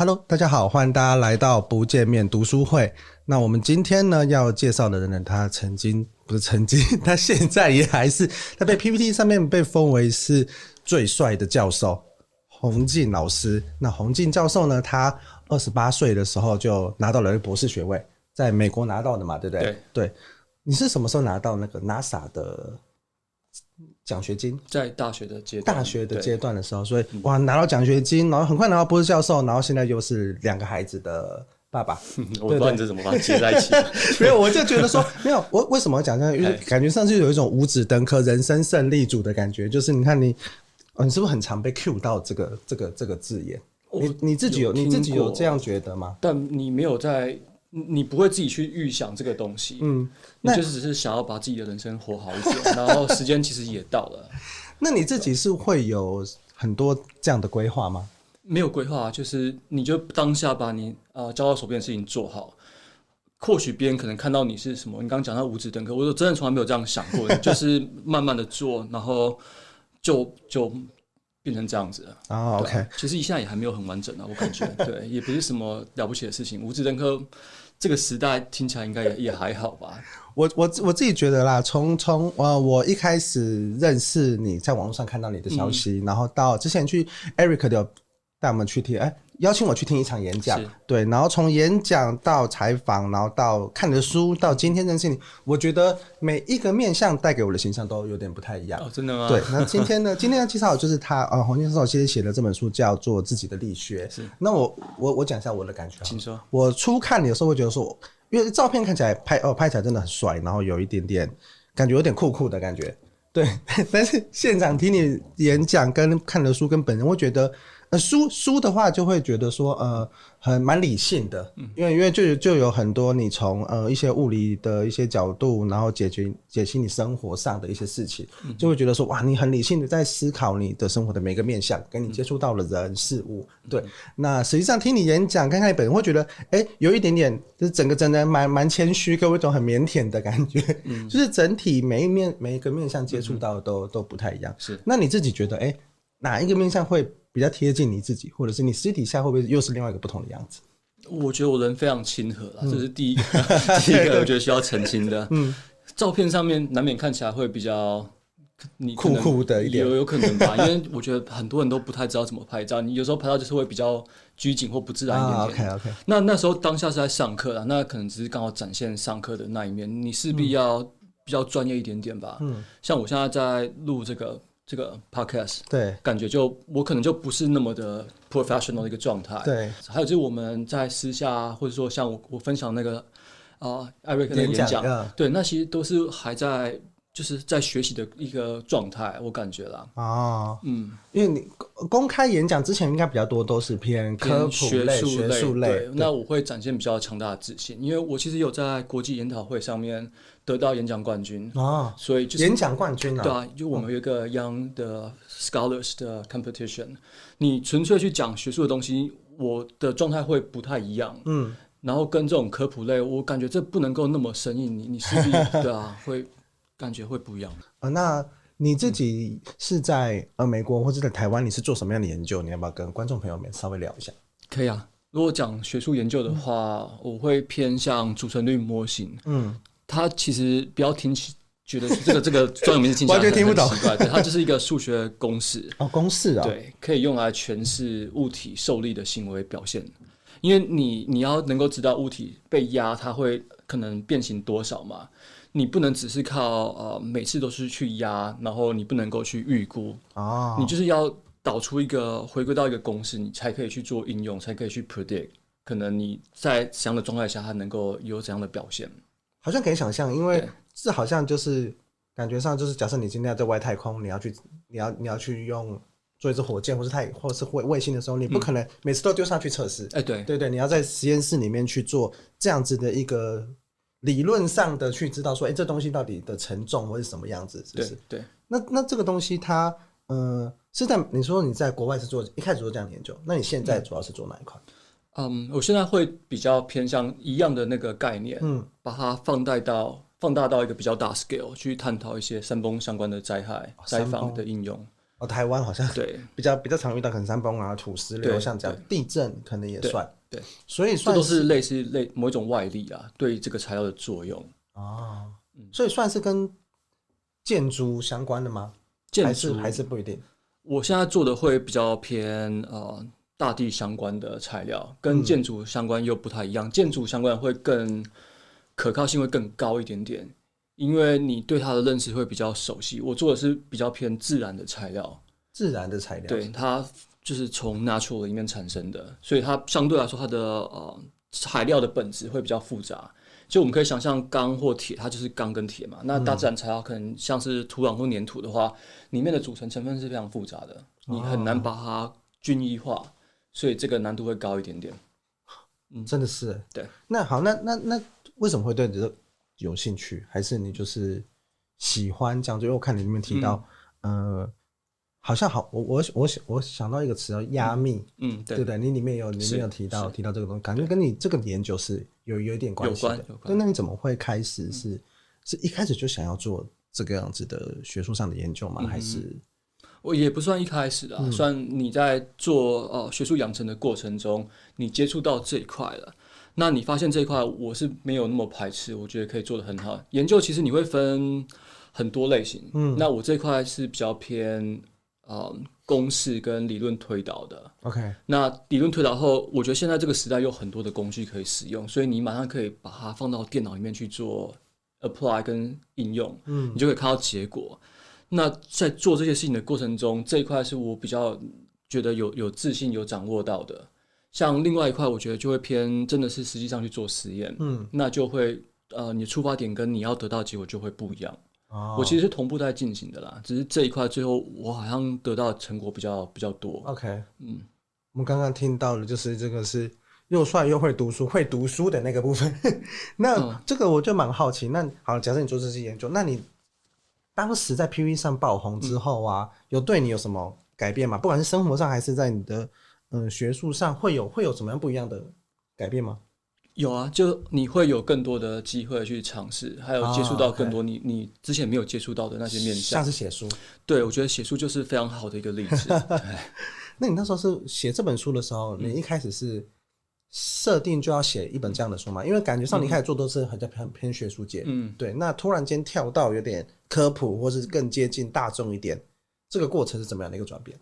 Hello，大家好，歡迎大家來到不見面讀書會。那我們今天呢要介紹的人呢，他曾經不是曾經，他現在也還是他被 PTT 上面被封為是最帥的教授，洪瀞老師。那洪瀞教授呢，他二十八歲的時候就拿到了博士學位，在美國拿到的嘛，對不對？對，對，你是什麼時候拿到那個 NASA 的？獎學金在大學的階，大學的階段的時候，對所以哇，拿到獎學金，然後很快拿到博士教授，然後現在又是兩個孩子的爸爸。我不知道你這怎麼把它接在一起。沒有，我就覺得說，沒有，我為什麼講這樣？因為 感覺上就有一種五子登科、人生勝利組的感覺。就是你看你，哦、你是不是很常被 cue 到這個這個這個字眼？你我 你自己有，有你自己有這樣覺得嗎？但你沒有在。你不會自己去預想這個東西，嗯，你就是只是想要把自己的人生活好一點， 然後時間其實也到了。那你自己是會有很多這樣的規劃嗎？沒有規劃，就是你就當下把你啊、呃，交到手邊的事情做好。或許別人可能看到你是什麼，你剛剛講到五子登科，我說真的從來沒有這樣想過， 就是慢慢的做，然後就就。變成這樣子啊、哦、對，OK，其實現在也還沒有很完整呢、啊，我感覺， 對，也不是什麼了不起的事情。無紙登科這個時代聽起來應該也也還好吧？我我我自己覺得啦，從從呃我一開始認識你在網絡上看到你的消息，嗯、然後到之前去 Eric 的，帶我們去聽，欸邀請我去聽一場演講，是對，然後從演講到採訪，然後到看你的書，到今天認識你，我覺得每一個面向帶給我的形象都有點不太一樣，哦、真的嗎？對，那今天呢？ 今天要介紹的就是他啊，洪、呃、瀞先生寫的這本書叫做《自己的力學》，是。那我我我講一下我的感覺啊，請說我初看你的時候會覺得說，因為照片看起來拍哦拍起來真的很帥，然後有一點點感覺有點酷酷的感覺，對。但是現場聽你演講跟看的書跟本人，會覺得。書書，書的話就會覺得說，呃，很蠻理性的，因為因為就有就有很多你從呃一些物理的一些角度，然後解決解析你生活上的一些事情，就會覺得說，哇，你很理性的在思考你的生活的每一個面向，跟你接觸到了人事物，嗯、對。那實際上聽你演講，看看你本人會覺得，哎、欸，有一點點就是整個整個人蠻蠻謙虛，給我一種很靦腆的感覺，嗯、就是整體每一面每一個面向接觸到的都、嗯、都不太一樣，是。那你自己覺得，哎、欸，哪一個面向會？比較貼近你自己，或者是你私底下會不會又是另外一個不同的樣子？我覺得我人非常親和啦、嗯、這是第一個 第一個我覺得需要澄清的。 嗯，照片上面難免看起來會比較你酷酷的一點，有有可能吧？因為我覺得很多人都不太知道怎麼拍照，你有時候拍照就是會比較拘謹或不自然一點點、啊。OK OK。那那時候當下是在上課了，那可能只是剛好展現上課的那一面，你勢必要比較專業一點點吧。嗯，像我現在在錄這個。這個 Podcast 對，感覺就我可能就不是那麼的 professional 的一個狀態，對。還有就是我們在私下，或者說像我我分享那個啊 Eric 的演講，對、呃，個那些都是還在就是在學習的一個狀態，我感覺啦。啊、哦，嗯，因為你公開演講之前應該比較多都是偏科普類、學術類，類對。對那我會展現比較強大的自信，因為我其實有在國際研討會上面得到演講冠軍啊，所以演講冠軍啊，對啊，就我們有一個 young 的 scholars 的 competition，、嗯、你純粹去講學術的東西，我的狀態會不太一樣，嗯，然後跟這種科普類，我感覺這不能夠那麼生硬，你你勢必對啊， 會感覺會不一樣啊、呃。那你自己是在呃美國或者在台灣，你是做什麼樣的研究？你要不要跟觀眾朋友們稍微聊一下？可以啊，如果講學術研究的話，嗯、我會偏向組成率模型，嗯。它其實比較聽起覺得這個這個專有名詞聽起來完全聽不懂，對，它就是一個數學公式 哦，公式啊，對，可以用來詮釋物體受力的行為表現。因為你你要能夠知道物體被壓，它會可能變形多少嘛？你不能只是靠呃每次都是去壓，然後你不能夠去預估啊，哦、你就是要導出一個回歸到一個公式，你才可以去做應用，才可以去 predict 可能你在這樣的狀態下它能夠有怎樣的表現。好像可以想象，因為這好像就是對感覺上就是，假設你今天要在外太空，你要去，你要你要去用做一支火箭，或是太或是衛衛星的時候，你不可能每次都丟上去測試。哎、嗯，對，對對，你要在實驗室裡面去做這樣子的一個理論上的去知道說，誒、欸，這東西到底的沉重或是什麼樣子，是不是？對。對那那這個東西它，嗯、呃，是在你說你在國外是做一開始做這樣研究，那你現在主要是做哪一塊？嗯嗯，um, 我現在會比較偏向一樣的那個概念，嗯，把它放大到放大到一個比較大 scale 去探討一些山崩相關的災害、哦、災防的應用。哦，台灣好像對比較比較常遇到，可能山崩啊、土石流，對像這樣對地震可能也算對。對所以算是，這都是類似類某一種外力啊，對這個材料的作用啊、哦，所以算是跟建築相關的嗎？建築築還是不一定。我現在做的會比較偏呃。大地相關的材料跟建築相關又不太一樣，嗯、建築相關會更可靠性會更高一點點，因為你對它的認識會比較熟悉。我做的是比較偏自然的材料，自然的材料，對它就是從 natural 裡面產生的，所以它相對來說它的呃材料的本質會比較複雜。就我們可以想象鋼或鐵，它就是鋼跟鐵嘛。那大自然材料可能像是土壤或黏土的話，嗯、裡面的組成成分是非常複雜的，你很難把它均一化。哦所以這個難度會高一點點，嗯，真的是、欸。對，那好，那那那，那為什麼會對你這個有興趣？還是你就是喜歡這樣做？因為我看你裡面提到，嗯、呃，好像好，我我我想我想到一個詞叫壓密嗯，嗯，對不對，對，對？你裡面有你裡面有提到是提到這個東西，感覺跟你這個研究是有有一點關係的。對，那你怎麼會開始是、嗯、是一開始就想要做這個樣子的學術上的研究嗎？嗯、還是？我也不算一開始了，嗯，算你在做呃學術養成的過程中，你接觸到這一塊了。那你發現這一塊，我是沒有那麼排斥，我覺得可以做得很好。研究其實你會分很多類型，嗯，那我這塊是比較偏呃公式跟理論推導的。OK，那理論推導後，我覺得現在這個時代有很多的工具可以使用，所以你馬上可以把它放到電腦裡面去做 apply 跟應用，嗯，你就可以看到結果。那在做這些事情的過程中，這一塊是我比較覺得有有自信、有掌握到的。像另外一塊，我覺得就會偏，真的是實際上去做實驗，嗯，那就會呃，你的出發點跟你要得到的結果就會不一樣。哦，我其實是同步在進行的啦，只是這一塊最後我好像得到成果比較比較多。OK，嗯，我們剛剛聽到的就是這個是又帥又會讀書、會讀書的那個部分。 那這個我就蠻好奇。那好，假設你做這些研究，那你。當時在 PTT 上爆紅之後啊，有對你有什麼改變嗎？不管是生活上還是在你的嗯學術上會，會有會有怎麼樣不一樣的改變嗎？有啊，就你會有更多的機會去嘗試，還有接觸到更多你、啊 okay、你之前沒有接觸到的那些面向。像是寫書，對，我覺得寫書就是非常好的一個例子。 那你那時候是寫這本書的時候，你一開始是，設定就要寫一本這樣的書嘛？因為感覺上你開始做都是很在偏偏學術界，嗯，對。那突然間跳到有點科普，或是更接近大眾一點，這個過程是怎麼樣的一個轉變？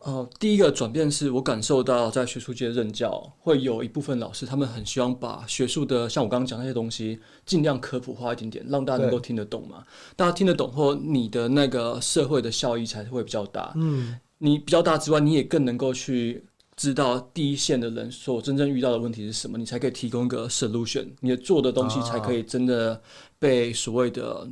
哦、呃，第一個轉變是我感受到在學術界任教會有一部分老師，他們很希望把學術的，像我剛剛講那些東西，儘量科普化一點點，讓大家能夠聽得懂嘛。對大家聽得懂後，你的那個社會的效益才會比較大。嗯，你比較大之外，你也更能夠去。知道第一線的人所真正遇到的問題是什麼，你才可以提供一個 solution，你做的東西才可以真的被所謂的，啊、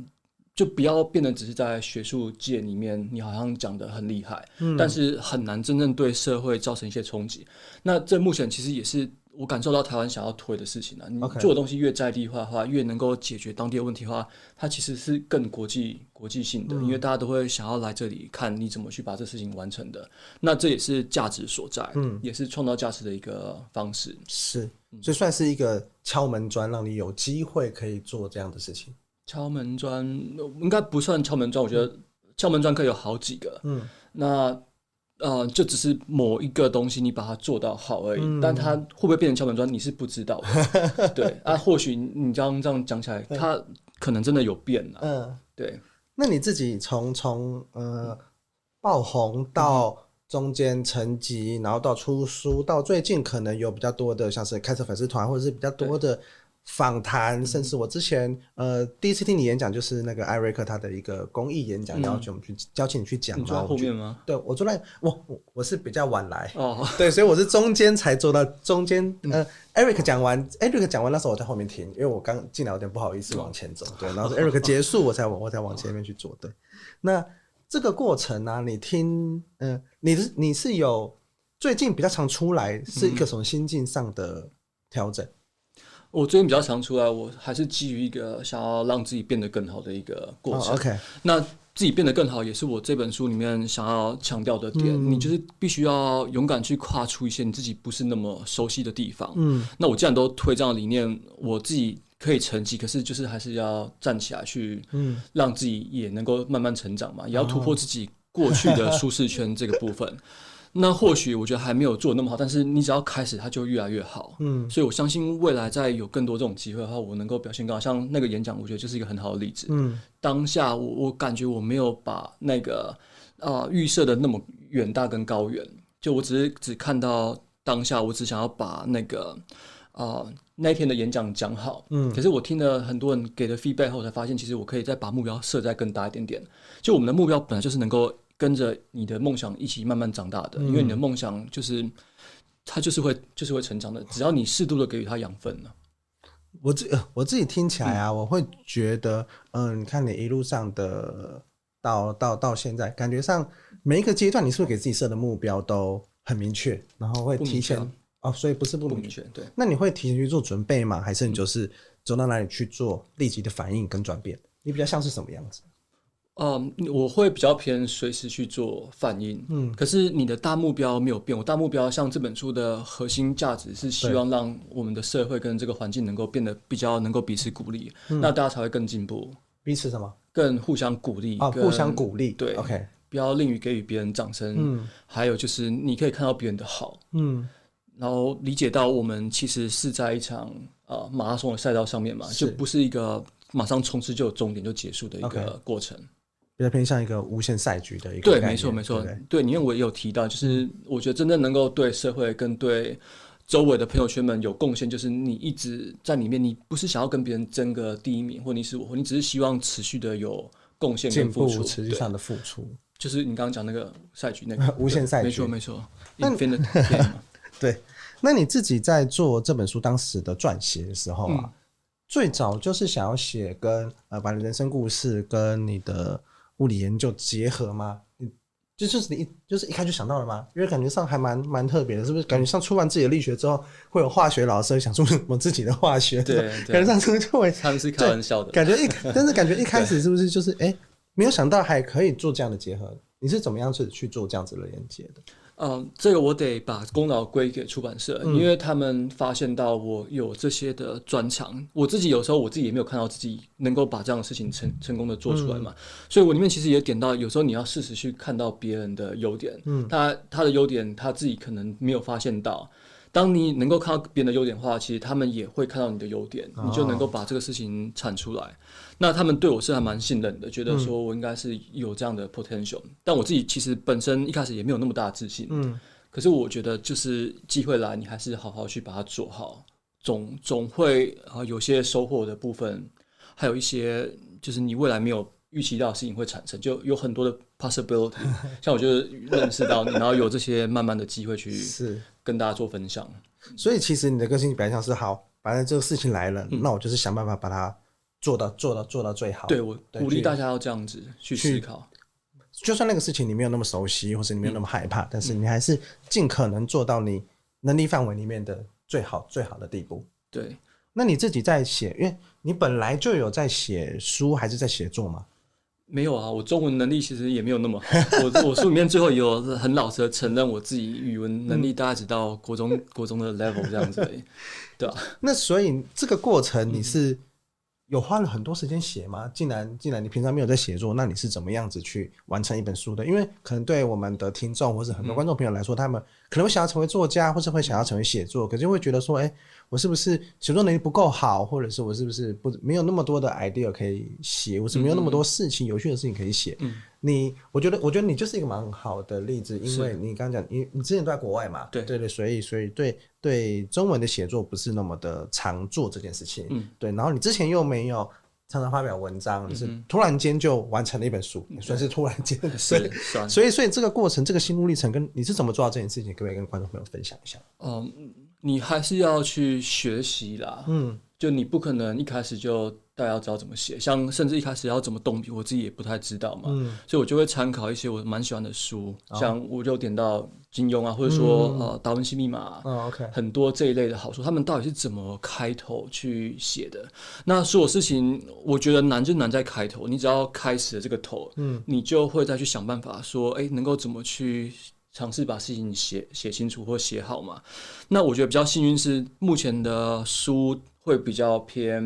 就不要變得只是在學術界裡面，你好像講得很厲害，嗯、但是很難真正對社會造成一些衝擊。那這目前其實也是。我感受到台灣想要推的事情呢、啊，你做的東西越在地化的話，Okay. 越能夠解決當地的問題的話，它其實是更國際、國際性的。嗯、因為大家都會想要來這裡看你怎麼去把這事情完成的。那這也是價值所在，嗯，也是創造價值的一個方式。是，所以算是一個敲門磚，讓你有機會可以做這樣的事情。敲門磚應該不算敲門磚，我覺得敲門磚可以有好幾個。嗯，那。呃，就只是某一個東西，你把它做到好而已，嗯、但它會不會變成敲門磚，你是不知道的。 對，啊，或許你這樣這樣講起來，嗯、它可能真的有變了、啊。嗯，對。那你自己從從呃爆紅到中間成績，嗯、然後到出書，到最近可能有比較多的，像是開設粉絲團，或者是比較多的。訪談，甚至我之前呃第一次聽你演講，就是那個 Eric 他的一個公益演講，邀請我們去邀請、嗯、你去講嗎後我對，我坐來我我，我是比較晚來哦，對，所以我是中間才做到中間。呃 Eric 講完 Eric 講完那時候我在後面聽，因為我剛進來有點不好意思往前走，對，然後 Eric 結束我才往、哦、我才往前面去坐。對，那這個過程呢、啊，你聽，嗯、呃，你你是有最近比較常出來，是一個什麼心境上的調整？嗯我最近比較常出來，我還是基於一個想要讓自己變得更好的一個過程。Oh, OK，那自己變得更好也是我這本書裡面想要強調的點。嗯、你就是必須要勇敢去跨出一些你自己不是那麼熟悉的地方。嗯、那我既然都推這樣理念，我自己可以成績，可是就是還是要站起來去，讓自己也能夠慢慢成長嘛，嗯、也要突破自己過去的舒適圈這個部分。 那或許我覺得還沒有做得那麼好，但是你只要開始，它就越來越好。嗯，所以我相信未來再有更多這種機會的話，我能夠表現更好。像那個演講，我覺得就是一個很好的例子。嗯，當下我我感覺我沒有把那個啊預設的那麼遠大跟高遠，就我只是只看到當下，我只想要把那個啊、呃、那天的演講講好。嗯，可是我聽了很多人給的 feedback 後，才發現其實我可以再把目標設在更大一點點。就我們的目標本來就是能夠。跟着你的夢想一起慢慢長大的，嗯、因為你的夢想就是，它就是會就是會成長的。只要你適度的給予它養分呢，我自、呃、我自己聽起來啊，嗯、我會覺得，嗯、呃，你看你一路上的到到到現在，感覺上每一個階段，你是不是給自己設的目標都很明確，然後會提前、啊、哦，所以不是不明確對？那你會提前去做準備嗎？還是你就是走到哪裡去做立即的反應跟轉變？你比較像是什麼樣子？嗯，我會比較偏隨時去做反應。嗯，可是你的大目標沒有變。我大目標像這本書的核心價值是希望讓我們的社會跟這個環境能夠變得比較能夠彼此鼓勵，那大家才會更進步。彼此什麼？更互相鼓勵啊！互相鼓勵。對，OK。不要吝於給予別人掌聲。嗯。還有就是，你可以看到別人的好。嗯。然後理解到我們其實是在一場呃馬拉松的賽道上面嘛，就不是一個馬上衝刺就有終點就結束的一個過程。比較偏向一個無限賽局的一個概念，對，沒錯，沒錯，對,對,對。對你因為我也有提到，就是我覺得真正能夠對社會跟對周圍的朋友圈們有貢獻，就是你一直在裡面，你不是想要跟別人爭個第一名，或你是我，你只是希望持續的有貢獻跟付出，持續上的付出，對就是你剛剛講那個賽局,、那個、局，那個無限賽局，沒錯，沒錯那。Game 對，那你自己在做這本書當時的撰寫的時候啊，嗯、最早就是想要寫跟呃，把你人生故事跟你的。物理研究結合嗎？你就，就是你一就是一開始就想到了嗎？因為感覺上還蠻蠻特別的，是不是？感覺上出完自己的力學之後，會有化學老師想出我自己的化學，對，後對，感覺上是不是就會他們是開玩笑的。感覺一，但是感覺一開始是不是就是 對誒，沒有想到還可以做這樣的結合，你是怎麼樣去去做這樣子的連接的？呃，uh, 這個我得把功勞歸給出版社，嗯、因為他們發現到我有這些的專長。我自己有時候我自己也沒有看到自己能夠把這樣的事情成成功的做出來嘛，嗯、所以我裡面其實也點到，有時候你要適時去看到別人的優點，嗯、他他的優點他自己可能沒有發現到。當你能夠看到別人的優點的話，其實他們也會看到你的優點，你就能夠把這個事情產出來。哦那他們對我是還蠻信任的，覺得說我應該是有這樣的 potential，嗯、但我自己其實本身一開始也沒有那麼大的自信。嗯，可是我覺得就是機會來，你還是好好去把它做好，總總會啊有些收穫的部分，還有一些就是你未來沒有預期到的事情會產生，就有很多的 possibility，嗯。像我就是認識到你， 然後有這些慢慢的機會去是跟大家做分享。所以其實你的個性表現上是好，反正這個事情來了，嗯、那我就是想辦法把它。做到做到做到最好。對，我鼓勵大家要這樣子去思考去，就算那個事情你沒有那麼熟悉，或是你沒有那麼害怕，嗯、但是你還是盡可能做到你能力範圍裡面的最好最好的地步。對，那你自己在寫，因為你本來就有在寫書還是在寫作嗎？沒有啊，我中文能力其實也沒有那麼好。 我我書裡面最後有很老實的承認我自己語文能力，嗯、大概只到國中國中的 level 這樣子而已。 對啊，那所以這個過程你是。嗯有花了很多時間寫嗎？既然既然你平常沒有在寫作，那你是怎麼樣子去完成一本書的？因為可能對我們的聽眾或者很多觀眾朋友來說，嗯、他們可能會想要成為作家，或者會想要成為寫作，可是就會覺得說，哎、欸。我是不是寫作能力不夠好，或者是我是不是不沒有那麼多的 idea 可以寫，我是沒有那麼多事情、有趣的事情可以寫。你、我覺得我覺得你就是一個蠻好的例子，因為你剛講，因為你之前都在國外嘛，對對對，所以所以對對中文的寫作不是那麼的常做這件事情，對。然後你之前又沒有常常發表文章，就是突然間就完成了一本書，算是突然間的事。所以所以這個過程這個心路歷程，跟你是怎麼做到這件事情，可不可以跟觀眾朋友分享一下？嗯。你還是要去學習啦，嗯，就你不可能一開始就大家要知道怎麼寫，像甚至一開始要怎麼動筆，我自己也不太知道嘛，嗯，所以我就會參考一些我蠻喜歡的書，哦、像我就點到金庸啊，或者說、嗯、呃達文西密碼、啊哦，OK，很多這一類的好書，他們到底是怎麼開頭去寫的？那所有事情，我覺得難就難在開頭，你只要開始了這個頭，嗯，你就會再去想辦法說，哎、欸，能夠怎麼去。嘗試把事情寫寫清楚或寫好嘛？那我覺得比較幸運是，目前的書會比較偏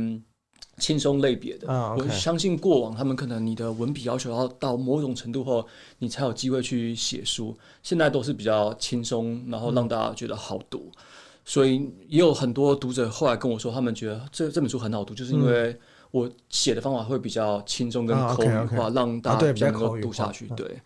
輕鬆類別的。Oh, okay. 我相信過往他們可能你的文筆要求要到某種程度後，你才有機會去寫書。現在都是比較輕鬆，然後讓大家覺得好讀，嗯、所以也有很多讀者後來跟我說，他們覺得這這本書很好讀，嗯、就是因為我寫的方法會比較輕鬆跟口語化，oh, okay, okay. 讓大家比較能夠讀下去。啊、對。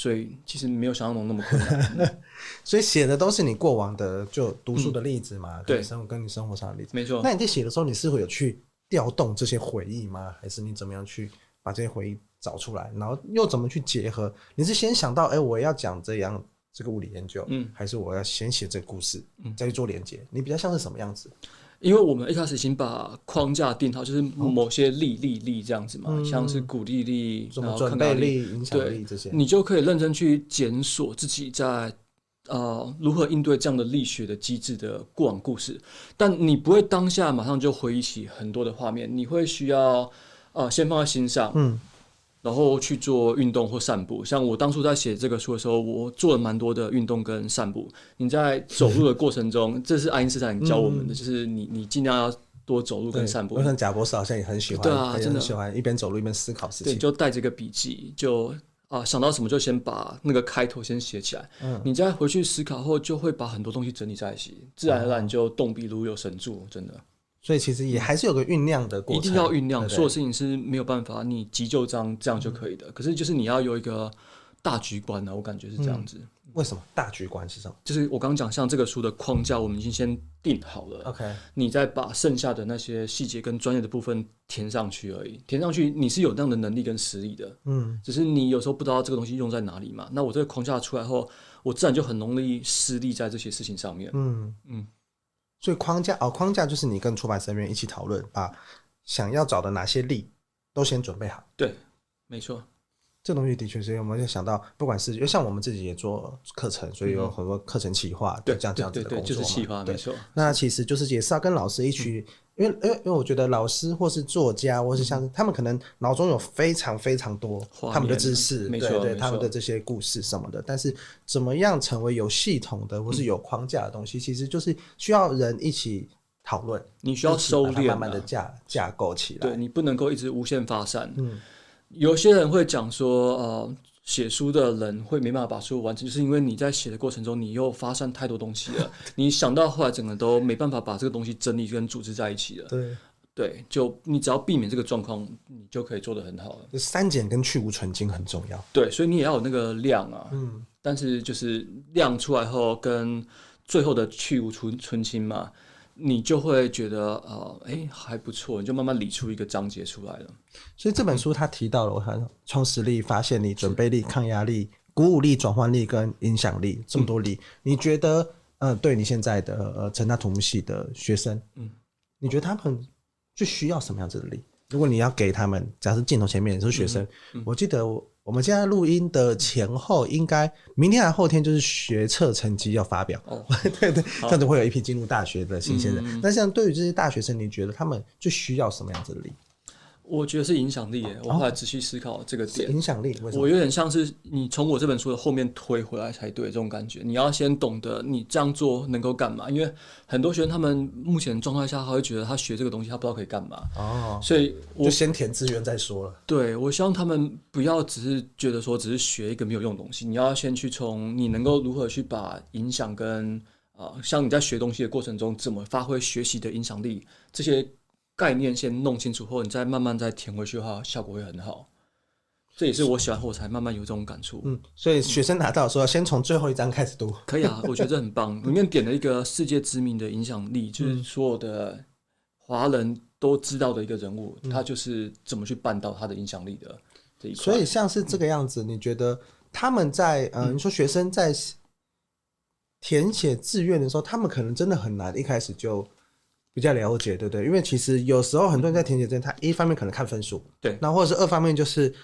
所以其實沒有想象中那麼困難， 所以寫的都是你過往的就讀書的例子嘛，嗯、對，生活跟你生活上的例子，沒錯。那你在寫的時候，你是會有去調動這些回憶嗎？還是你怎麼樣去把這些回憶找出來，然後又怎麼去結合？你是先想到，哎、欸，我要講這樣這個物理研究，嗯，還是我要先寫這個故事，嗯，再去做連接？嗯、你比較像是什麼樣子？因為我們一開始已經把框架定好，就是某些力、力、力，這樣子嘛，嗯、像是鼓勵力、看看力、然後肯動力、對影響力這些，你就可以認真去檢索自己在呃如何應對這樣的力學的機制的過往故事，但你不會當下馬上就回憶起很多的畫面，你會需要呃先放在心上，嗯。然後去做運動或散步。像我當初在寫這個書的時候，我做了蠻多的運動跟散步。你在走路的過程中， 這是愛因斯坦教我們的，嗯、就是你你盡量要多走路跟散步。我像賈伯斯好像也很喜歡，對啊，真的他很喜歡一邊走路一邊思考事情。對，就帶這個筆記，就啊想到什麼就先把那個開頭先寫起來。嗯，你再回去思考後，就會把很多東西整理在一起，自然而然就動筆如有神助，真的。所以其實也還是有個醞釀的過程，一定要醞釀。所有事情是沒有辦法，你急就章這樣就可以的。嗯、可是就是你要有一個大局觀呢、啊，我感覺是這樣子。嗯、為什麼大局觀是什麼？就是我剛剛講，像這個書的框架，我們已經先定好了。OK，、嗯、你再把剩下的那些細節跟專業的部分填上去而已。填上去你是有這樣的能力跟實力的，嗯，只是你有時候不知道這個東西用在哪裡嘛。那我這個框架出來後，我自然就很容易施力在這些事情上面。嗯嗯。嗯所以框架哦，框架就是你跟出版社員一起討論，把想要找的哪些力都先準備好。對，沒錯，這東西的確是，因為我們就想到，不管是因為像我們自己也做課程，所以有很多課程企劃，對，這樣這樣子的工作對，對，對，對，就是企劃，對，沒錯。那其實就是也是要跟老師一起，嗯。因為，因為，因為我覺得老師或是作家，或是像他們，可能腦中有非常非常多他們的知識，對對，他們的這些故事什麼的。但是，怎麼樣成為有系統的或是有框架的東西，其實就是需要人一起討論、嗯。你需要收斂、啊，慢慢的架架構起來。對，你不能夠一直無限發散。嗯，有些人會講說，呃。寫書的人會沒辦法把書完成，就是因為你在寫的過程中，你又發散太多東西了， 對 你想到後來整個都沒辦法把這個東西整理跟組織在一起了。對對，就你只要避免這個狀況，你就可以做得很好了。刪減跟去蕪存精很重要。對，所以你也要有那個量啊。嗯，但是就是量出來後，跟最後的去蕪存存精嘛。你就會覺得，呃，哎、欸，還不錯，你就慢慢理出一個章節出來了。所以這本書他提到了，我看創實力、發現力、是準備力、抗壓力、鼓舞力、轉換力跟影響力，這麼多力。嗯、你覺得，呃，對你現在的呃成大土木系的學生，嗯，你覺得他們最需要什麼樣子的力？如果你要給他們，假設鏡頭前面你是學生，嗯嗯、我記得我。我們現在錄音的前後，應該明天還是後天就是學測成績要發表，哦、 對，對對，這樣子會有一批進入大學的新鮮人。那像、嗯、對於這些大學生，你覺得他們最需要什麼樣子的力？我覺得是影響力耶，哦、我後來仔細思考這個點，哦、是影響力，我有點像是你從我這本書的後面推回來才對，這種感覺。你要先懂得你這樣做能夠幹嘛，因為很多學生他們目前狀態下，他會覺得他學這個東西，他不知道可以幹嘛啊。哦、所以我，就先填志願，再說了。對，我希望他們不要只是覺得說，只是學一個沒有用的東西。你要先去從你能夠如何去把影響跟啊、嗯呃，像你在學東西的過程中怎麼發揮學習的影響力這些。概念先弄清楚後，後你再慢慢再填回去的話，效果會很好。這也是我喜歡後才慢慢有這種感觸。嗯，所以學生拿到的時候，嗯、先從最後一章開始讀。可以啊，我覺得很棒。 裡面點了一個世界知名的影響力，就是所有的華人都知道的一個人物，嗯、他就是怎麼去辦到他的影響力的。所以像是這個樣子，嗯、你覺得他們在嗯，你說學生在填寫志願的時候，他們可能真的很難一開始就。比較了解，對不對，對？因為其實有時候很多人在填寫證，他一方面可能看分數。對，那或者是二方面就是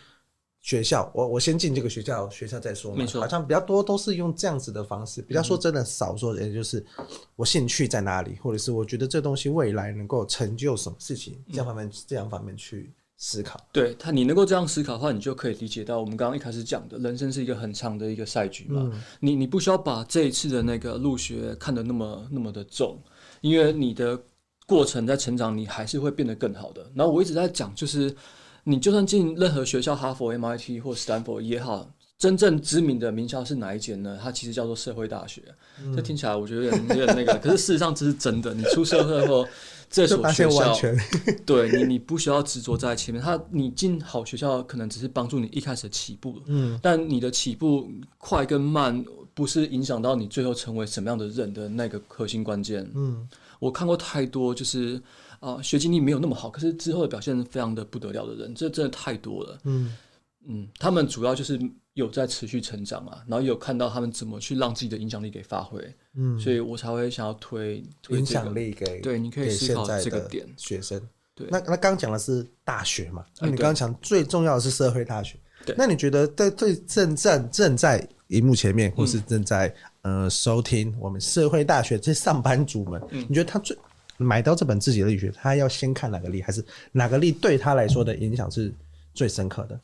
學校，我我先進這個學校，學校再說嘛。沒錯錯，好像比較多都是用這樣子的方式。比較說真的，少說也就是我興趣在哪裡，嗯、或者是我覺得這東西未來能夠成就什麼事情，這樣方面、嗯、這樣方面去思考。對他，你能夠這樣思考的話，你就可以理解到我們剛剛一開始講的人生是一個很長的一個賽局嘛。嗯、你你不需要把這一次的那個入學看得那麼那麼的重，因為你的。過程在成長，你還是會變得更好的。然後我一直在講，就是你就算進任何學校，哈佛、MIT 或 Stanford 也好，真正知名的名校是哪一間呢？它其實叫做社會大學。這、嗯、聽起來我覺得有點那個， 可是事實上這是真的。你出社會後， 這所學校對你，你不需要執着在前面。 它你進好學校，可能只是幫助你一開始的起步。嗯、但你的起步快跟慢，不是影響到你最後成為什麼樣的人的那個核心關鍵。嗯。我看過太多，就是啊、呃，學經歷沒有那麼好，可是之後的表現非常的不得了的人，這真的太多了。嗯嗯，他們主要就是有在持續成長嘛、啊，然後有看到他們怎麼去讓自己的影響力給發揮。嗯，所以我才會想要推，推、這個、影響力給對，你可以思考這個點給現在的學生。對，那那剛講的是大學嘛？對那你剛剛講最重要的是社會大學。對那你覺得在對，對正在正在？熒幕前面，或是正在、嗯、呃、收聽我們社會大學這上班族們，嗯、你覺得他最買到這本《自己的力學》，他要先看哪個力，還是哪個力對他來說的影響是最深刻的？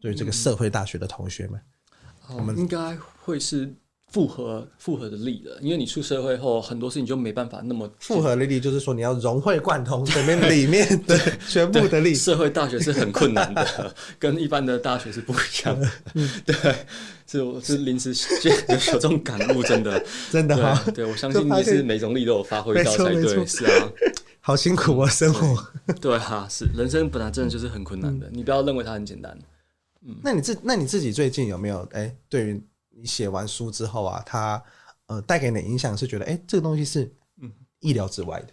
對這個社會大學的同學們，嗯、我們應該會是。複合複合的力了，因為你出社會後很多事情就沒辦法那麼複合的力，就是說你要融會貫通裡面的裡面，對全部的力。社會大學是很困難的，跟一般的大學是不一樣的。對，是我是臨時就有這種感悟，真的真的哈，對，我相信你是每種力都有發揮到才對，是啊，好辛苦哦，生活。對哈，是人生本來真的就是很困難的，你不要認為它很簡單。嗯，那你自那你自己最近有沒有哎對於？你寫完書之後啊，它呃帶給你的影響是覺得，誒、欸，這個東西是嗯意料之外的。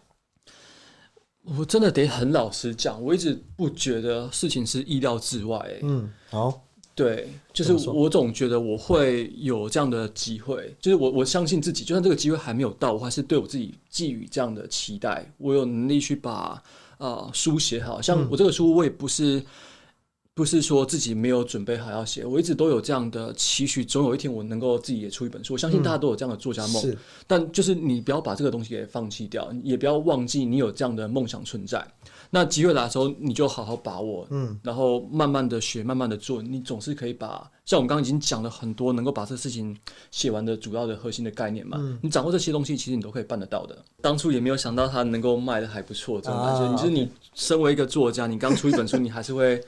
我真的得很老實講，我一直不覺得事情是意料之外、欸。嗯，好，對，就是我總覺得我會有這樣的機會，就是我我相信自己，就算這個機會還沒有到，我還是對我自己寄予這樣的期待。我有能力去把啊、呃、書寫好，像我這個書，我也不是。不是說自己沒有準備好要寫，我一直都有這樣的期許，總有一天我能夠自己也出一本書。我相信大家都有這樣的作家夢，嗯、但就是你不要把這個東西給放棄掉，也不要忘記你有這樣的夢想存在。那機會來的時候，你就好好把握。嗯，然後慢慢的學，慢慢的做，你總是可以把像我們剛剛已經講了很多，能夠把這個事情寫完的主要的核心的概念嘛。嗯、你掌握這些東西，其實你都可以辦得到的。當初也沒有想到它能夠賣得還不錯，真的。這種感覺。啊、你是你身為一個作家，你剛出一本書， 你還是會。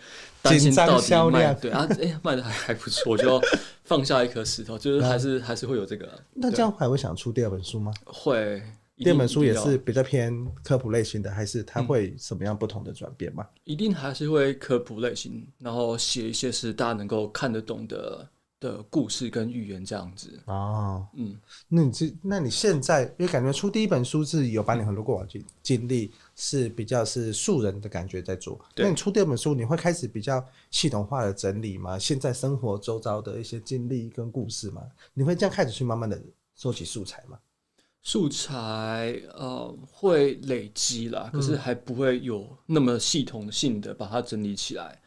緊張銷量，對啊，哎、欸、呀，賣的還還不錯，我 就放下一顆石頭，就是還是那還是會有這個。對，那這樣還會想出第二本書嗎？會，第二本書也是比較偏科普類型的，還是它會什麼樣不同的轉變嗎、嗯？一定還是會科普類型，然後寫一些是大家能夠看得懂的，的故事跟寓言，這樣子哦。嗯，那你這，那你現在，因為感覺出第一本書，是有把你很多過往經經歷是比較是素人的感覺在做。嗯。那你出第二本書，你會開始比較系統化的整理嗎？現在生活周遭的一些經歷跟故事嗎？你會這樣開始去慢慢的收集素材嗎？素材呃，會累積啦，可是還不會有那麼系統性的把它整理起來。嗯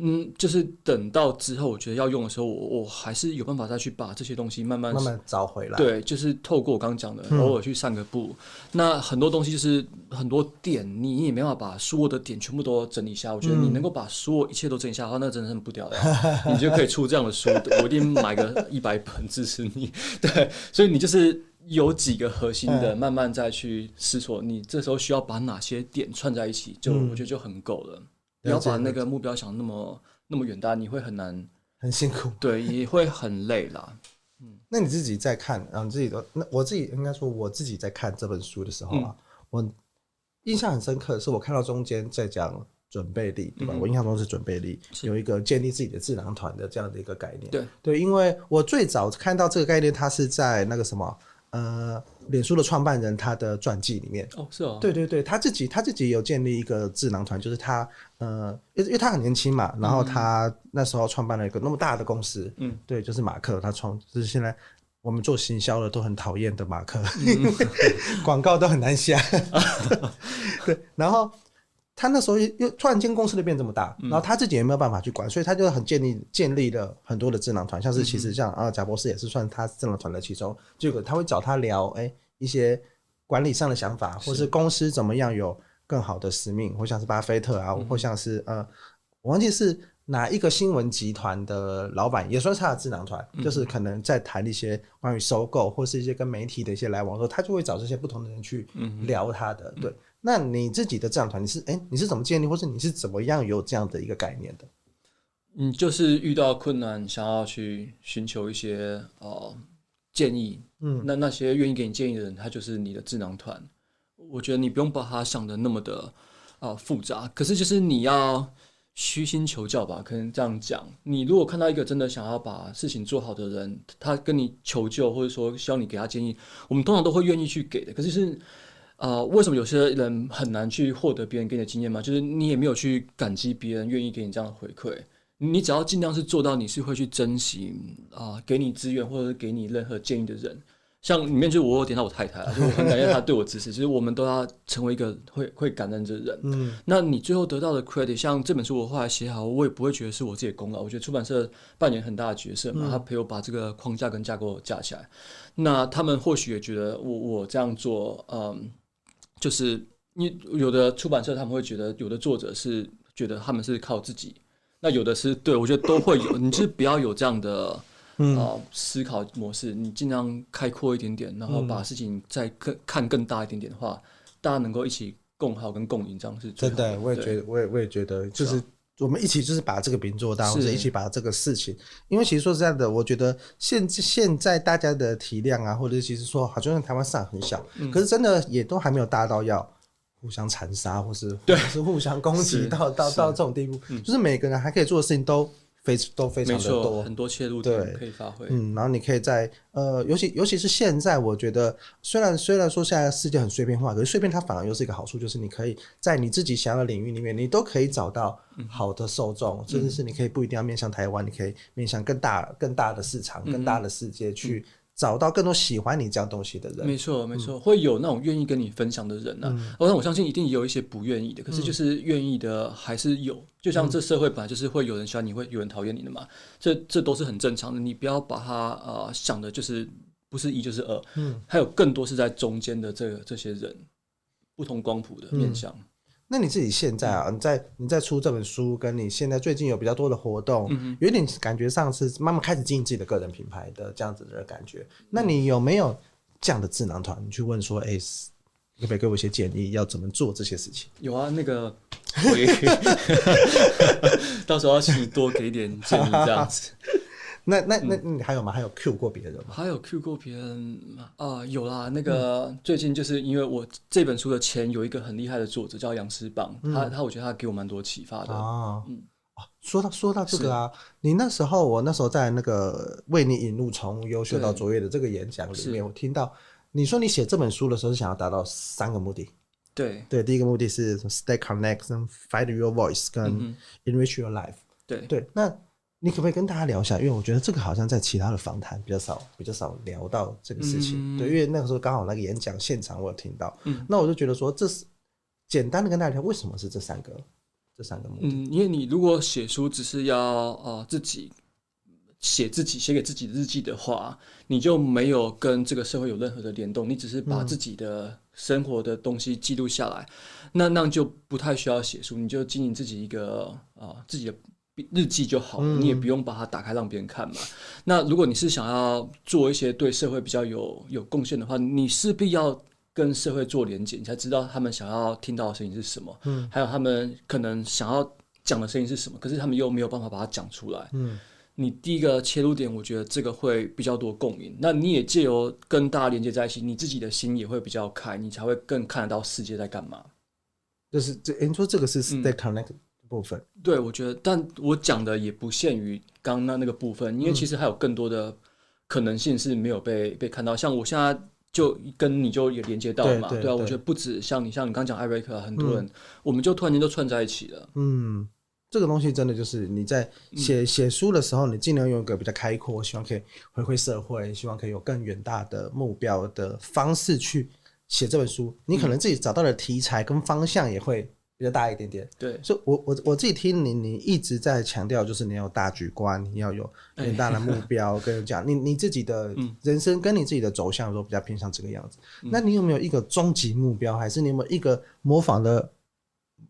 嗯，就是等到之後，我覺得要用的時候，我我還是有辦法再去把這些東西慢慢、慢慢找回來。對，就是透過我剛剛講的，偶爾去散個步。嗯、那很多東西就是很多點，你也沒辦法把所有的點全部都整理一下。我覺得你能夠把所有一切都整理下的話，嗯、那真的很不屌，你就可以出這樣的書。 我一定買個一百本支持你。對，所以你就是有幾個核心的，嗯、慢慢再去試錯。你這時候需要把哪些點串在一起，就、嗯、我覺得就很夠了。你要把那個目標想那麼那麼遠大，你會很難，很辛苦，對，也會很累啦。嗯， 那你自己在看，啊，你自己那我自己應該說，我自己在看這本書的時候啊，嗯、我印象很深刻，是我看到中間在講準備力，對吧？嗯、我印象中是準備力是有一個建立自己的智囊團的這樣的一個概念，對對，因為我最早看到這個概念，它是在那個什麼。呃，臉書的創辦人他的傳記裡面，哦，是哦，對對對，他自己他自己有建立一個智囊團，就是他，呃，因因為他很年輕嘛，然後他那時候創辦了一個那麼大的公司，嗯，對，就是馬克，他創，就是現在我們做行銷的都很討厭的馬克，廣、嗯嗯、告都很難寫，啊、 對，然後。他那時候又突然間公司就變這麼大，然後他自己也沒有辦法去管，所以他就很建立建立了很多的智囊團，像是其實像啊，賈博士也是算他智囊團的其中，就他會找他聊，哎、欸，一些管理上的想法，或是公司怎麼樣有更好的使命，或像是巴菲特啊，或像是呃，我忘記是哪一個新聞集團的老闆，也算是他的智囊團，就是可能在談一些關於收購或是一些跟媒體的一些來往的時候，他就會找這些不同的人去聊他的，對。那你自己的智囊團，你是誒、欸？你是怎麼建立，或者你是怎麼樣有這樣的一個概念的？嗯，就是遇到困難想要去尋求一些呃建議，嗯，那那些願意給你建議的人，他就是你的智囊團。我覺得你不用把他想得那麼的啊、呃、複雜，可是就是你要虛心求教吧。可能這樣講，你如果看到一個真的想要把事情做好的人，他跟你求救，或者說需要你給他建議，我們通常都會願意去給的。可是、就是。啊、呃，為什麼有些人很難去獲得別人給你的經驗嗎？就是你也沒有去感激別人願意給你這樣的回饋。你只要盡量是做到，你是會去珍惜啊、呃，給你資源或者是給你任何建議的人。像裡面就我，我點到我太太， 啊、就我很感謝她對我支持。其實我們都要成為一個會會感恩的人。嗯，那你最後得到的 credit，像這本書我後來寫好，我也不會覺得是我自己的功勞。我覺得出版社扮演很大的角色嘛，嗯、他陪我把這個框架跟架構架架起來。那他們或許也覺得我我這樣做，嗯。就是你有的出版社，他們會覺得，有的作者是覺得他們是靠自己，那有的是對，我覺得都會有，你就不要有這樣的啊、嗯呃、思考模式，你盡量開闊一點點，然後把事情再更看更大一點點的話，嗯、大家能夠一起共好跟共贏，這樣是最好的，真的。我也覺得，對我也我也覺得就是。我們一起就是把這個餅做大，是或者一起把這個事情，因為其實說實在的，我覺得現現在大家的體量啊，或者是其實說，好像台灣市場很小，嗯、可是真的也都還沒有大到要互相殘殺，嗯、或是對是互相攻擊到到是到這種地步，是就是每個人還可以做的事情都。非都非常的多，很多切入點可、可以發揮。嗯，然後你可以在呃，尤其尤其是現在，我覺得雖然雖然說現在世界很碎片化，可是碎片它反而又是一個好處，就是你可以在你自己想要的領域裡面，你都可以找到好的受眾。甚至、嗯、哼是你可以不一定要面向台灣，你可以面向更大更大的市場、嗯、哼更大的世界去。找到更多喜歡你這樣東西的人沒，沒錯，沒錯，會有那種願意跟你分享的人呢、啊。嗯、哦，那我相信一定也有一些不願意的，可是就是願意的還是有。嗯、就像這社會本來就是會有人喜歡你，會有人討厭你的嘛，嗯、這這都是很正常的。你不要把它啊、呃、想的就是不是一就是二，嗯，還有更多是在中間的這個、這些人，不同光譜的面向。嗯那你自己現在啊，你在你在出這本書，跟你現在最近有比較多的活動，有點感覺上是慢慢開始經營自己的個人品牌的這樣子的感覺。那你有沒有這樣的智囊團你去問說，誒，可不可以給我一些建議，要怎麼做這些事情？有啊，那個，我也 到時候要請你多給點建議這樣子。 那那那，那那嗯、你還有嗎？還有 Q 過別人嗎？還有 Q 過別人嗎？啊、呃，有啦。那個最近就是因為我這本書的前有一個很厲害的作者叫楊思邦，他他、嗯、我覺得他給我蠻多啟發的啊。嗯啊，說到說到這個啊，是你那時候我那時候在那個為你引路從優秀到卓越的這個演講裡面，我聽到你說你寫這本書的時候是想要達到三個目的。對對，第一個目的是 Stay Connected, Find Your Voice, 跟 Enrich Your Life 嗯嗯。對對，那。你可不可以跟大家聊一下？因為我覺得這個好像在其他的訪談比較少，比較少聊到這個事情。嗯、對，因為那個時候剛好那個演講現場我有聽到，嗯、那我就覺得說這是簡單的跟大家聊，為什麼是這三個，這三個目的？因為你如果寫書只是要啊、呃、自己寫自己寫給自己的日記的話，你就沒有跟這個社會有任何的聯動，你只是把自己的生活的東西記錄下來，嗯、那那樣就不太需要寫書，你就經營自己一個啊、呃、自己的。日記就好，你也不用把它打開讓別人看嘛。嗯、那如果你是想要做一些對社會比較有有貢獻的話，你勢必要跟社會做連接，你才知道他們想要聽到的聲音是什麼。嗯，還有他們可能想要講的聲音是什麼，可是他們又沒有辦法把它講出來。嗯，你第一個切入點，我覺得這個會比較多共鳴。那你也借由跟大家連接在一起，你自己的心也會比較開，你才會更看得到世界在幹嘛。就是這、欸，你說這個是 stay 部分，對我覺得，但我講的也不限於剛剛那，那個部分，因為其實還有更多的可能性是沒有被、嗯、被看到。像我現在就跟你就也連接到了嘛，對，對，對，對啊，我覺得不止像你，像你剛，剛講艾瑞克，很多人，嗯、我們就突然間都串在一起了。嗯，這個東西真的就是你在寫、嗯、寫書的時候，你盡量用一個比較開闊，希望可以回饋社會，希望可以有更遠大的目標的方式去寫這本書。你可能自己找到的題材跟方向也會。比較大一點點，對，所以我我我自己聽你，你一直在強調，就是你要有大局觀，你要有很大的目標。欸、 跟你講，你你自己的人生跟你自己的走向都比較偏向這個樣子。嗯、那你有沒有一個終極目標，還是你有沒有一個模仿的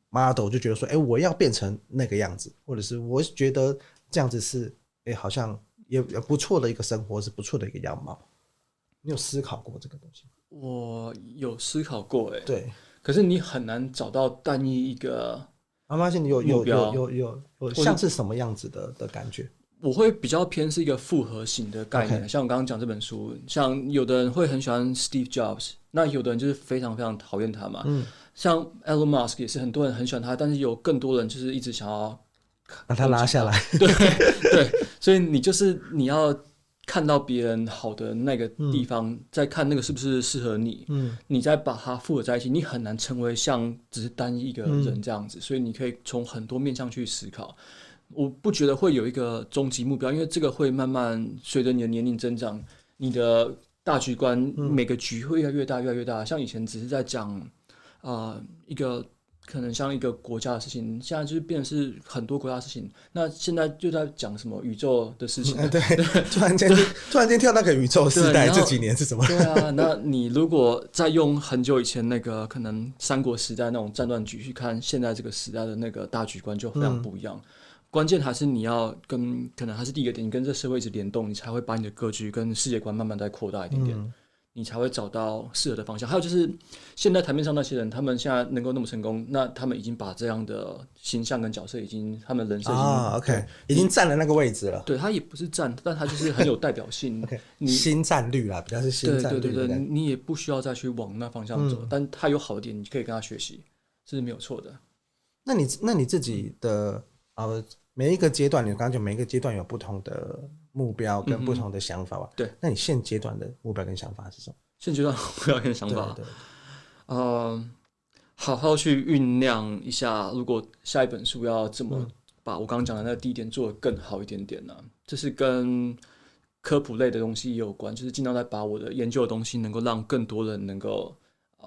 model？就覺得說，哎、欸，我要變成那個樣子，或者是我覺得這樣子是哎、欸，好像也也不錯的一個生活，是不錯的一個樣貌。你有思考過這個東西嗎？我有思考過、欸，哎，對。可是你很難找到單一一個，我發現你有有有有有像是什麼樣子的的感覺。我會比較偏是一個複合型的概念，像我剛剛講這本書，像有的人會很喜歡 Steve Jobs，那有的人就是非常非常討厭他嘛。嗯，像 Elon Musk 也是很多人很喜歡他，但是有更多人就是一直想要把他拉下來。對對，所以你就是你要。看到別人好的那個地方，嗯、再看那個是不是適合你，嗯、你再把它複合在一起，你很難成為像只是單一個人這樣子。嗯、所以你可以從很多面向去思考。我不覺得會有一個終極目標，因為這個會慢慢隨着你的年齡增長，你的大局觀每個局會越來越大，越來越大。像以前只是在講，啊、呃，一個。可能像一個國家的事情，現在就是變成是很多國家的事情。那現在就在講什麼宇宙的事情、嗯啊？對，對突然間，對突然間跳那個宇宙時代，這幾年是什麼？對, 對啊，那你如果再用很久以前那個可能三國時代那種戰亂局去看現在這個時代的那個大局觀，就非常不一樣。嗯、關鍵還是你要跟可能還是第一個點，你跟這個社會一直聯動，你才會把你的格局跟世界觀慢慢再擴大一點點。嗯你才會找到適合的方向。還有就是，現在台面上那些人，他們現在能夠那麼成功，那他們已經把這樣的形象跟角色，已經他們人生啊，OK，已經占、哦 okay, 你了那個位置了。對他也不是占，但他就是很有代表性。 okay, 你心占率啊，比較是心占率的。對,對對對，你也不需要再去往那方向走，嗯、但他有好的點，你可以跟他學習，是沒有錯的。那你那你自己的呃每一個階段，你剛剛講每一個階段有不同的。目標跟不同的想法吧、啊，嗯嗯。對，那你現階段的目標跟想法是什麼？現階段的目標跟想法、啊，對,對,對，嗯、呃，好好去醞釀一下，如果下一本書要怎麼把我剛講的那個第一點做得更好一點點呢、啊？嗯、這是跟科普類的東西也有關，就是盡量在把我的研究的東西能夠讓更多人能夠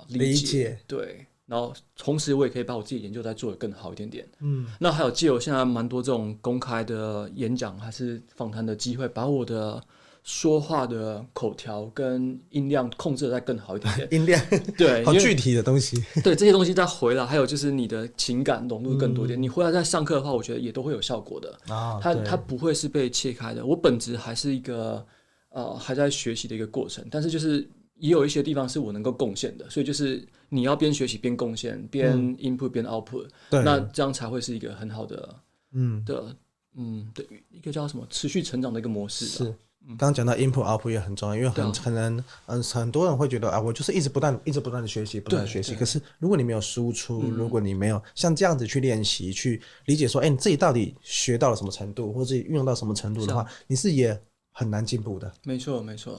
理解，理解對。然後，同時我也可以把我自己研究再做得更好一點點。嗯，那還有借我現在蠻多這種公開的演講還是訪談的機會，把我的說話的口條跟音量控制得再更好一點點。音量對，好具體的東西。對這些東西再回來，還有就是你的情感融入更多點。嗯、你回來再上課的話，我覺得也都會有效果的。哦、它它不會是被切開的。我本質還是一個呃，還在學習的一個過程，但是就是。也有一些地方是我能夠貢獻的，所以就是你要邊學習邊貢獻，邊 input 邊 output，、嗯、那這樣才會是一個很好的，嗯的，嗯對，一個叫什麼持續成長的一個模式。是，剛、嗯、剛講到 input output 也很重要，因為很可對能，嗯、呃，很多人會覺得啊，我就是一直不斷、一直不斷的學習，不斷學習。可是如果你沒有輸出，嗯、如果你沒有像這樣子去練習、去理解，說，哎，你自己到底學到了什麼程度，或者運用到什麼程度的話，像你是也很難進步的。沒錯，沒錯。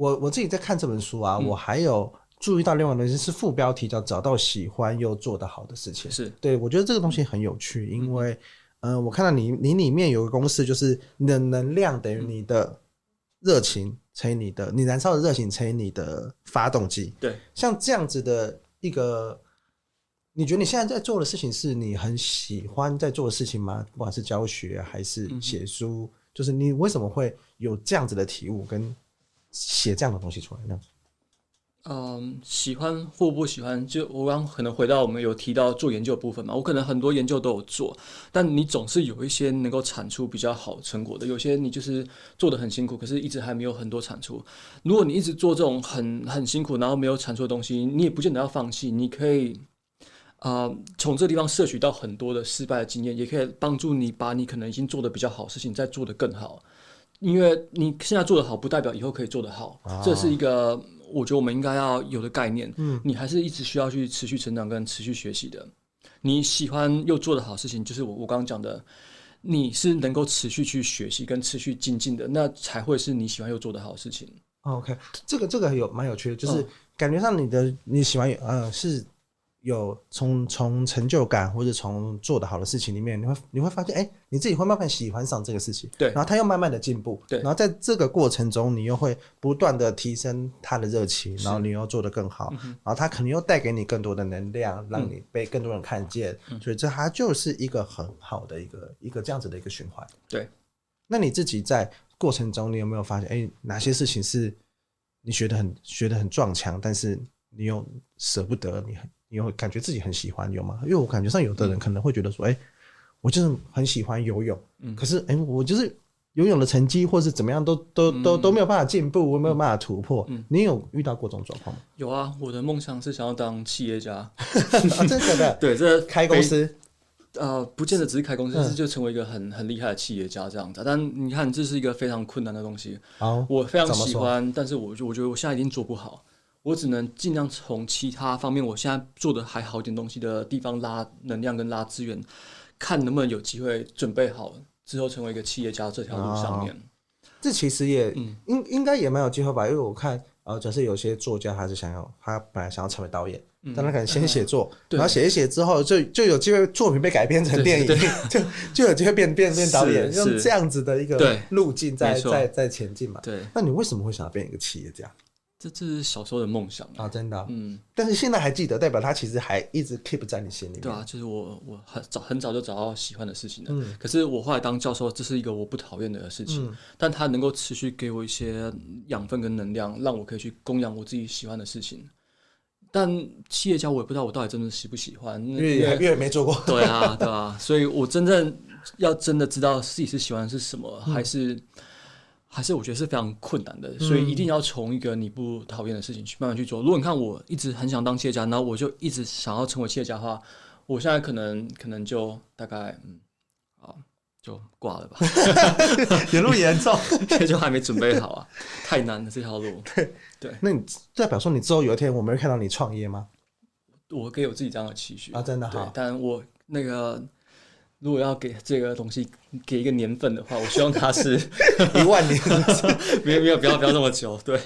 我我自己在看這本書啊，嗯、我還有注意到另外一個東西是副標題叫“找到喜歡又做得好的事情”是。是對，我覺得這個東西很有趣，因為，嗯、呃，我看到你你裡面有個公式，就是你的能量等於你的熱情，、嗯、情乘以你的你燃燒的熱情乘以你的發動機。對，像這樣子的一個，你覺得你現在在做的事情是你很喜歡在做的事情嗎？不管是教學還是寫書，嗯、就是你為什麼會有這樣子的體悟跟？寫這樣的東西出來，那嗯，喜歡或不喜歡，就我剛可能回到我們有提到做研究的部分嘛，我可能很多研究都有做，但你總是有一些能夠產出比較好成果的，有些你就是做得很辛苦，可是一直還沒有很多產出。如果你一直做這種很很辛苦，然後沒有產出的東西，你也不見得要放棄，你可以啊，從、呃、這個地方攝取到很多的失敗的經驗，也可以幫助你把你可能已經做得比較好的事情再做得更好。因為你現在做得好，不代表以後可以做得好，這是一個我覺得我們應該要有的概念。嗯，你還是一直需要去持續成長跟持續學習的。你喜歡又做得好的好事情，就是我我剛剛講的，你是能夠持續去學習跟持續精進的，那才會是你喜歡又做得好的好事情。嗯、OK，這個這個有蠻有趣的，就是感覺上你的你喜歡，嗯、呃、是。有從從成就感或者從做得好的事情裡面，你會你會發現，哎、欸，你自己會慢慢喜歡上這個事情。對，然後他又慢慢的進步。對，然後在這個過程中，你又會不斷的提升他的熱情，對然後你又做得更好，嗯、然後他肯定又帶給你更多的能量，讓你被更多人看見。嗯、所以這它就是一個很好的一個一個這樣子的一個循環。對，那你自己在過程中，你有沒有發現，哎、欸，哪些事情是你學得很學得很撞牆，但是你又捨不得你很。你會感覺自己很喜歡有嗎？因為我感覺上有的人可能會覺得說，哎，我就是很喜歡游泳，可是哎，我就是游泳的成績或是怎麼樣都都都都沒有辦法進步，我沒有辦法突破。你有遇到過這種狀況嗎？有啊，我的夢想是想要當企業家，真的對，這開公司，呃，不見得只是開公司，是就成為一個很很厲害的企業家這樣子。但你看，這是一個非常困難的東西。好，我非常喜歡，但是我就我覺得我現在已經做不好。我只能盡量從其他方面，我現在做的還好一點東西的地方拉能量跟拉資源，看能不能有機會準備好之後成為一個企業家這條路上面、哦。這其實也、嗯、應應該也蠻有機會吧，因為我看呃，假設有些作家他是想要他本來想要成為導演，嗯、但他可能先寫作，對然後寫一寫之後就就有機會作品被改編成電影， 就就有機會變變變導演，用這樣子的一個路徑在對在在，在前進嘛。對，那你為什麼會想要變一個企業家？這這是小時候的夢想啊，啊，真的，啊，嗯，但是現在還記得，代表他其實還一直 keep 在你心裡面。對啊，就是我我很早很早就找到喜歡的事情了，嗯，可是我後來當教授，這是一個我不討厭的事情，嗯，但他能夠持續給我一些養分跟能量，讓我可以去供養我自己喜歡的事情。但企業家，我也不知道我到底真的喜不喜歡，因為也沒做過，對啊，對啊， 所以我真正要真的知道自己是喜歡的是什麼，嗯，還是。還是我覺得是非常困難的，所以一定要從一個你不討厭的事情去慢慢去做。如果你看我一直很想當企業家，然後我就一直想要成為企業家的話，我現在可能可能就大概嗯，啊，就掛了吧。有那麼嚴重，這 就還沒準備好啊，太難了這條路。對對，對那你代表說你之後有一天我沒會看到你創業嗎？我可以有自己這樣的期許啊，真的哈。對好但我那個。如果要給這個東西給一個年份的話，我希望它是 一萬年 沒，沒有沒有，不要不要那麼久。對，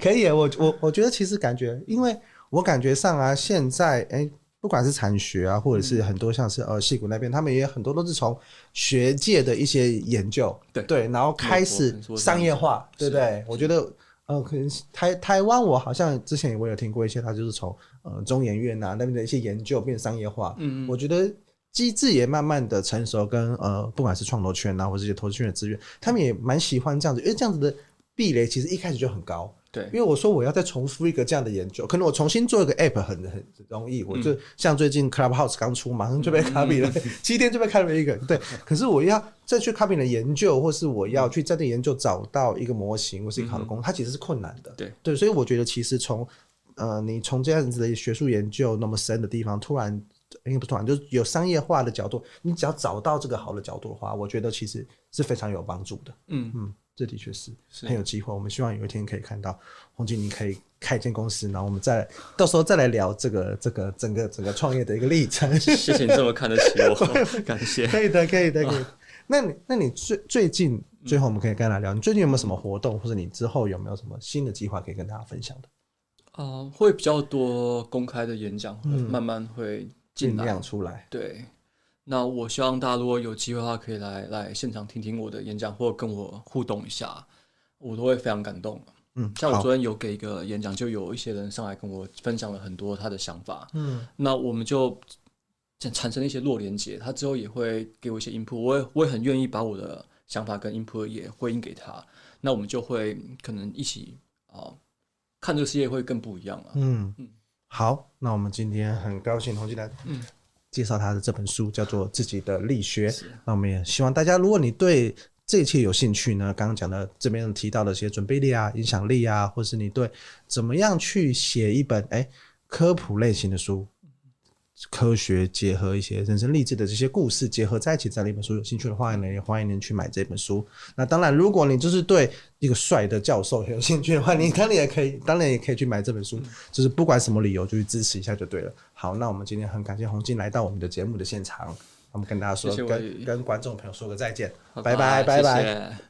可以。我我我覺得其實感覺，因為我感覺上啊，現在哎、欸，不管是產學啊，或者是很多像是呃矽谷，那邊他們也很多都是從學界的一些研究，對、嗯、對，然後開始商業化，對不對？我覺得呃，可能台台灣我好像之前我也有聽過一些，他就是從呃中研院啊那邊的一些研究變成商業化。嗯嗯，我覺得。機制也慢慢的成熟，跟呃，不管是創投圈吶、啊，或這些投資圈的資源，他們也蠻喜歡這樣子，因為這樣子的壁壘其實一開始就很高。對，因為我說我要再重複一個這樣的研究，可能我重新做一個 app 很很容易，嗯、我就像最近 Clubhouse 剛出，馬上就被 copy 了，嗯嗯嗯七天就被 copy 了一個，對。 可是我要再去 copy 的研究，或是我要去真正研究找到一個模型，或是一個好的工作，嗯嗯，它其實是困難的。對，對，所以我覺得其實從呃，你從這樣子的學術研究那麼深的地方突然。應該、欸、不錯，就是有商業化的角度，你只要找到這個好的角度的話，我覺得其實是非常有幫助的。嗯嗯，這的確是，是很有機會。我們希望有一天可以看到洪瀞，你可以開一間公司，然後我們再到時候再來聊這個這個整個整個創業的一個歷程。謝謝，你這麼看得起我， 感謝。可以的，可以的，可以、哦。那你那你最最近，最後我們可以跟他聊，你最近有沒有什麼活動，或者你之後有沒有什麼新的計劃可以跟大家分享的？啊、呃，會比較多公開的演講，慢慢會。嗯盡量出來。對，那我希望大家如果有機會的話，可以來來現場聽聽我的演講，或者跟我互動一下，我都會非常感動。嗯，像我昨天有給一個演講，就有一些人上來跟我分享了很多他的想法。嗯，那我們就產生一些弱連接，他之後也會給我一些 input，我我也很願意把我的想法跟 input 也回應給他。那我們就會可能一起啊，看這個世界會更不一樣了。嗯嗯。好，那我們今天很高興洪瀞來介紹他的這本書，叫做《自己的力學》。是那我們也希望大家，如果你對這一切有興趣呢，剛剛講的這邊提到的一些準備力啊、影響力啊，或是你對怎麼樣去寫一本哎、欸、科普類型的書。科學結合一些人生勵志的這些故事結合在一起，這樣一本書，有興趣的話呢，也歡迎您去買這本書。那當然，如果你就是對一個帥的教授有興趣的話，你當然也可以，當然也可以去買這本書。就是不管什麼理由，就去支持一下就對了。好，那我們今天很感謝洪瀞來到我們的節目的現場，我們跟大家說，跟跟觀眾朋友說個再見，拜拜，謝謝，拜拜，謝謝。拜拜。